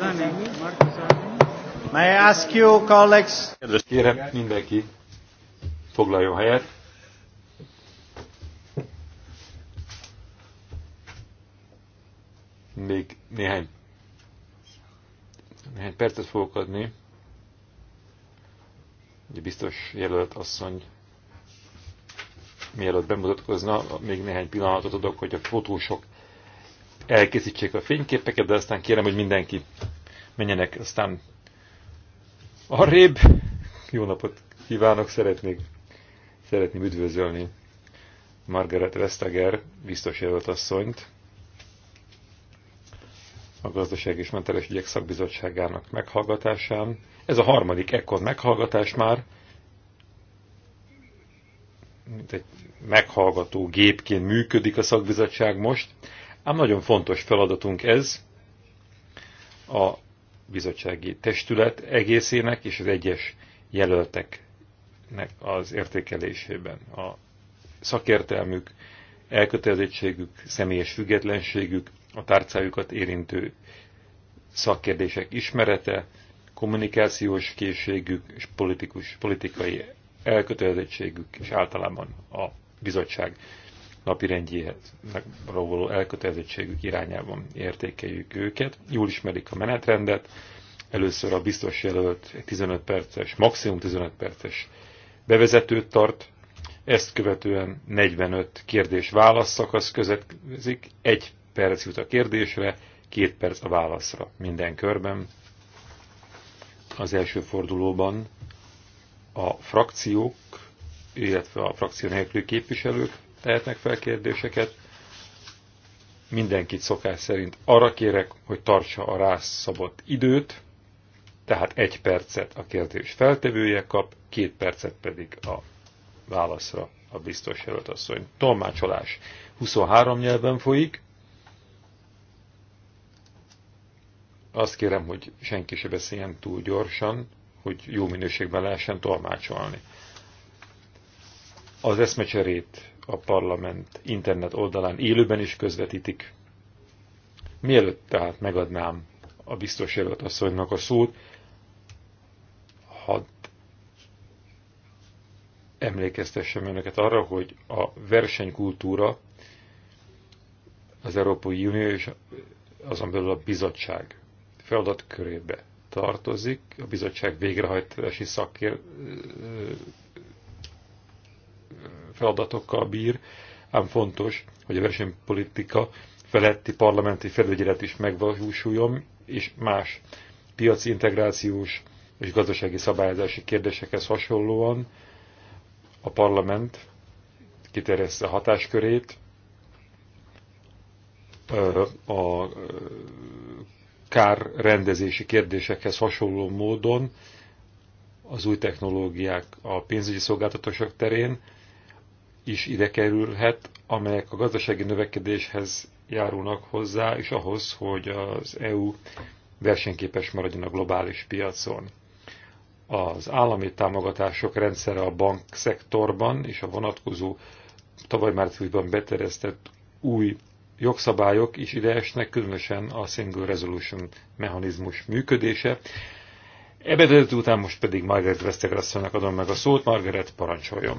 May I ask you, colleagues? Kedves kérem, mindenki foglaljon helyet. Még néhány, néhány percet fogok adni. Ugye biztos jelölt asszony mielőtt bemutatkozna, még néhány pillanatot adok, hogy a fotósok elkészítsék a fényképeket, de aztán kérem, hogy mindenki menjenek aztán arrébb. Jó napot kívánok, szeretnék, szeretném üdvözölni Margaret Vestager biztos asszonyt, a Gazdaság és Mentelés Ügyek Szakbizottságának meghallgatásán. Ez a harmadik ekkor meghallgatás már, mint egy meghallgató gépként működik a szakbizottság most. Ám nagyon fontos feladatunk ez a bizottsági testület egészének és az egyes jelölteknek az értékelésében. A szakértelmük, elkötelezettségük, személyes függetlenségük, a tárcájukat érintő szakkérdések ismerete, kommunikációs készségük és politikus, politikai elkötelezettségük, és általában a bizottság rendjéhez való elkötelezettségük irányában értékeljük őket. Jól ismerik a menetrendet, először a biztos jelölt 15 perces, maximum 15 perces bevezetőt tart, ezt követően 45 kérdés-válasz szakasz közetkezik. egy perc jut a kérdésre, két perc a válaszra minden körben. Az első fordulóban a frakciók, illetve a frakció nélkül képviselők lehetnek fel kérdéseket. Mindenkit szokás szerint arra kérek, hogy tartsa a rászabott időt, tehát egy percet a kérdés feltevője kap, két percet pedig a válaszra a biztos jelölt asszony. Tolmácsolás 23 nyelven folyik. Azt kérem, hogy senki se beszéljen túl gyorsan, hogy jó minőségben lehessen tolmácsolni. Az eszmecserét a parlament internet oldalán élőben is közvetítik. Mielőtt tehát megadnám a biztos jelölt asszonynak a szót, hadd emlékeztessem önöket arra, hogy a versenykultúra az Európai Unió és azon belül a bizottság feladatkörébe tartozik. A bizottság végrehajtási szakkér feladatokkal bír, ám fontos, hogy a versenypolitika feletti parlamenti felügyelet is megvalósuljon, és más piaci integrációs és gazdasági szabályozási kérdésekhez hasonlóan a parlament kiterjeszte hatáskörét a kárrendezési kérdésekhez hasonló módon az új technológiák a pénzügyi szolgáltatások terén, is ide kerülhet, amelyek a gazdasági növekedéshez járulnak hozzá, és ahhoz, hogy az EU versenyképes maradjon a globális piacon. Az állami támogatások rendszere a bankszektorban és a vonatkozó tavaly márciusban beterjesztett új jogszabályok is ide esnek, különösen a Single Resolution mechanizmus működése. Ebedet után most pedig Margaret Vesztegrasszonynak adom meg a szót. Margaret, parancsoljon!